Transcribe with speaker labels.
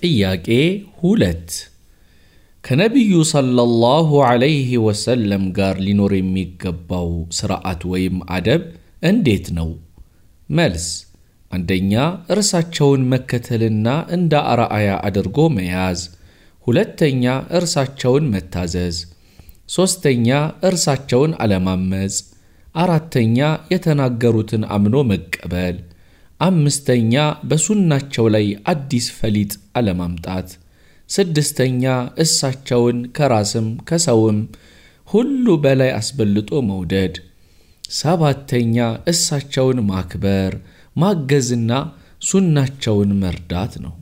Speaker 1: ጥያቄ ሁለት ከነቢዩ ሰለላሁ ዐለይሂ ወሰለም ጋር ሊኖር የሚገባው ሥርዓት ወይም አደብ እንዴት ነው? መልስ፣ አንደኛ እርሳቸውን መከተልና እንደ አርአያ አድርጎ መያዝ፣ ሁለተኛ እርሳቸውን መታዘዝ፣ ሦስተኛ እርሳቸውን አለማመፅ፣ አራተኛ የተናገሩትን አምኖ መቀበል አምስተኛ በሱናቸው ላይ አዲስ ፈሊጥ አለማምጣት። ስድስተኛ እሳቸውን ከራስም ከሰውም ሁሉ በላይ አስበልጦ መውደድ። ሰባተኛ እሳቸውን ማክበር ማገዝና ሱናቸውን መርዳት ነው።